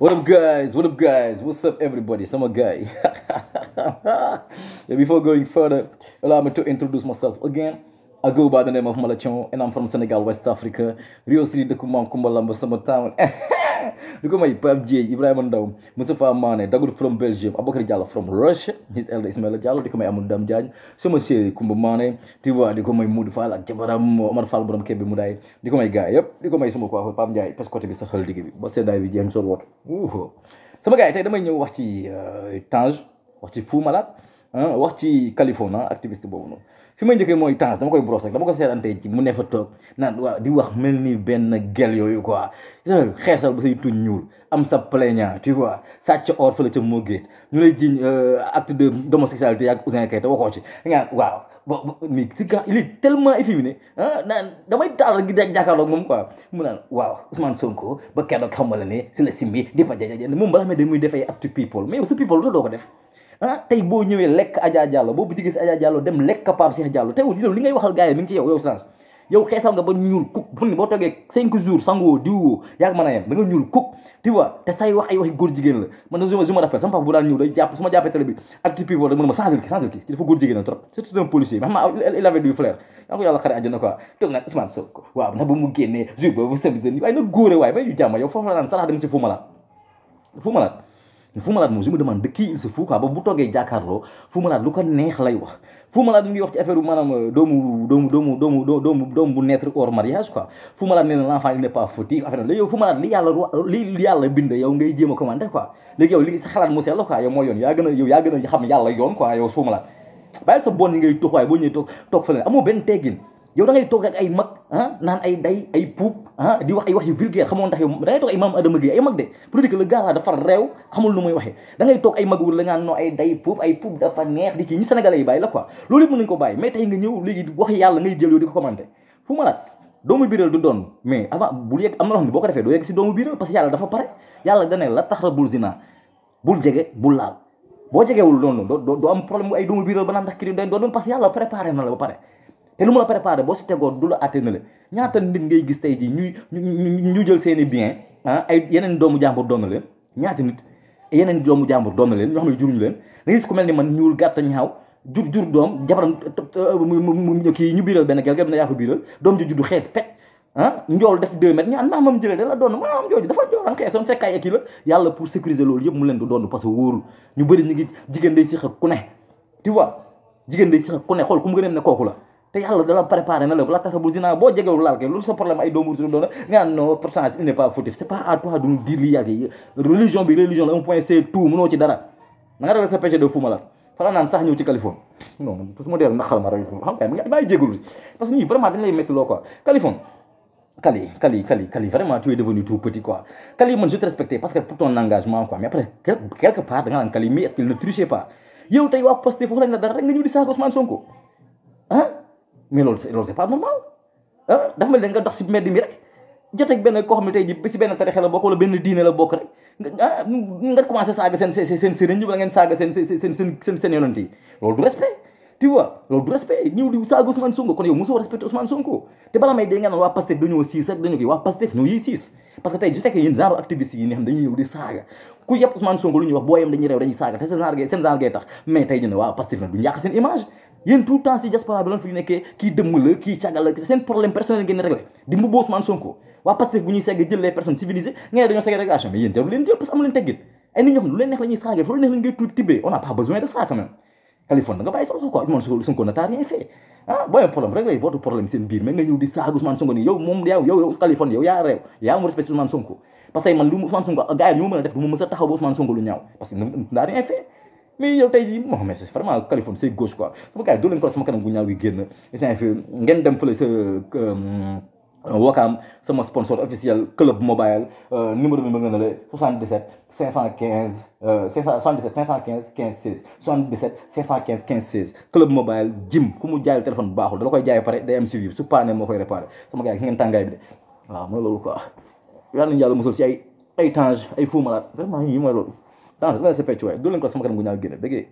What up, guys? What up, guys? What's up, everybody? So I'm a guy. before going further, allow me to introduce myself again. I go by the name of Malachon, and I'm from Senegal, West Africa. Rio City, the Kumam Kumbalamba Summer Town. Look at my PUBG, Ibrahim Ndaw, Mustafa Mane, Dagul from Belgium, Abakar Diallo from Russia, his elder Ismail Diallo, di may amul Dam Diagne, sama chéri Kumba Mane, tu vois, di may Moudou Fall ak Omar Fall borom Kébé Moudaay, di ko may gaay yëpp, di may sama coiffeur Pam Ndiaye, parce bi sa xel ba seddaay bi jéem sol woot. Sama gaay tey damay ñëw wax euh, Tange, wax ci Fou Ah, wax ci Californie activiste boobu noonu fi may njëkkee mooy Tange dama koy brosse rek dama ko seetantee ci mu ne fa toog naan waaw di wax mel ni benn gel yooyu quoi xeesal ba say tuñ ñuul am sa plaignant tu vois sàcc or fële ca moo géet ñu lay jiñ euh, acte de d'homosexualité ak Ouzin Keita waxoo ci nga waaw mais si gars il est tellement ah, damay taal rek di jàkkaarloog moom quoi mu naan waaw Ousmane Sonko ba keroog xam nga la ne si la simbi di fa jaajëf moom balaa xam ne dañuy def ay acte people mais yow people lu doo ko def. ah tey boo ñëwee lekk a Diallo boo bëggee gis Adja Diallo dem lekk Pape Cheikh Diallo tey li li ngay waxal gars yi ci yow yow Tange nga ba ñuul kuk fu ni boo toogee cinq jours sangoo diwoo yaa mën a yem da nga ñuul la man je je me rappelle sama papa bu daan ñëw day jàpp su ma jàppee télé bi ak ti people mën ma changel ki changel ki dafa góor jigéen la trop c'est policier mais xam naa il avait du flair yaa foofu la naan sarax dem si fu malade Fou Malade moom je me demande de qui il se fout quoi ba bu toogee jàkkaarloo Fou Malade lu ko neex lay wax Fou Malade mi ngi wax ci affaire maanaam euh, doomu doomu doomu doomu bu naître hors mariage quoi Fou Malade nee na l'enfant il n'est pas fautif affaire la yow Fou Malade li yàlla li yàlla a commandé quoi léegi yow li sa xalaat mu seetlu quoi yow mooy yoon yaa gën a yow a xam yàlla yoon quoi yow Fou Malade bàyyi sa bon yi ngay tuux da ak ay mag ah, naan ay day ay puub ah di wax ay wax yu vulgaire xamoo ndax yow da toog ay maam Adama Gueye ay mag de pour dire que le gars dafa réew xamul nu muy waxee da toog ay mag wul la noo ay day puub ay puub dafa neex di kii ñi sénégalais yi bàyyi la quoi loolu yëpp mën ko bàyyi mais tey nga ñëw léegi wax yàlla ngay jël yow di ko commenté fu ma doomu biiral du doon mais avant bul yegg am na loo xam boo ko defee doo yegg si doomu biiral parce que dafa pare yàlla dane la tax ra te lu mu la préparé boo si tegoo du la atténué la ñaata nit ngay gis tey jii ñuy ñu jël seen bien ah, ay yeneen doomu jàmbur doon na leen ñaata nit yeneen doomu jàmbur doon leen ñoo xam ne juruñu leen da gis ku mel ni man ñuul gàtt ñaaw doom jabaram kii ñu biiral benn gel gel na yaa ko biiral doom ji juddu xees pet ah njool def deux mètres ñu an maamam jëlee la doon maamam jooju dafa jooran xeesoon fekk ay kii la yàlla pour sécuriser loolu yëpp mu leen du doon parce que wóorul ñu bëri ñu ngi jigéen day siq ak ku ne tu vois jigéen ne kooku la te yalla da la préparé na la balaa tax bu bo boo jegewul lal ké loolu sa problème ay domour doomu do na nga no pourtant il n'est pas fautif c'est pas à toi duñu dire li yàgg religion bi religion la un point c'est tout mëno ci dara na nga dara sa péché de fumala fala nan sax ñëw ci Californie non su ma dee naqal ma rek xam nga maay jégalu parce que ni vraiment dañ lay metti loo quoi Californie Kali, Kali, Kali, Kali, vraiment, tu es devenu tout petit, quoi. Kali, moi, je te respectais parce que pour ton engagement, quoi. Mais après, quelque part, Kali, mais est-ce qu'il ne trichait pas? Yo, t'as eu à poster, faut que tu aies un Ousmane Sonko mais loolu loolu c'est pas normal ah dafa mel da nga dox si mbedd mi rek joteeg benn koo xam ne tey ji si benn tarixa la bokk wala benn diine la bokk rek ah nga commencé saaga seen seen seen sëriñ wala ngeen saaga seen seen seen seen yonent yi loolu du respect tu vois loolu du respect ñëw di saaga Ousmane Sonko kon yow mosoo respecté Ousmane Sonko te bala may dee nga naan waa Pastef dañoo siis rek dañu koy waa Pastef ñoo yiy siis parce que tey su fekkee yéen genre activiste yi nga xam dañuy ñëw di saaga ku yëpp Ousmane Sonko lu ñuy wax booyam dañuy rew dañuy saaga te seen genre gay seen genre gay tax mais tey ñu ne waa Pastef na du ñàkk seen image yéen tout le si diaspora bi lan ngeen réglé di mu boo Sonko waa Pastef bu ñuy segg jël les personnes ngeen ne dañoo segg régulation ah, mais yéen jarul leen Sonko nii yow moom yow yow Californie yow yaa yaa mu respecté Ousmane Sonko parce que man lu Ousmane Sonko mais yow tey jii Mohamed c'est vraiment Californie c'est gauche quoi sama gars yi doo leen ko sama kanam gu ñaaw gi génn instant fi ngeen dem fële sa Wakaam sama sponsor officiel club mobile numéro bi ma nga ne la 77 515 77 515 15 16 77 515 15 16 club mobile jim ku mu jaayul téléphone baaxul dala koy jaay pare day am suivi su paane moo koy réparé sama gars yi ngeen tàngaay bi de waaw mooy loolu quoi yal nañu yàlla mosul ci ay ay tange ay fou malade vraiment yii mooy loolu dans ce cas-là c' est du leen ko sama kanam gu ñaaw génne bëggee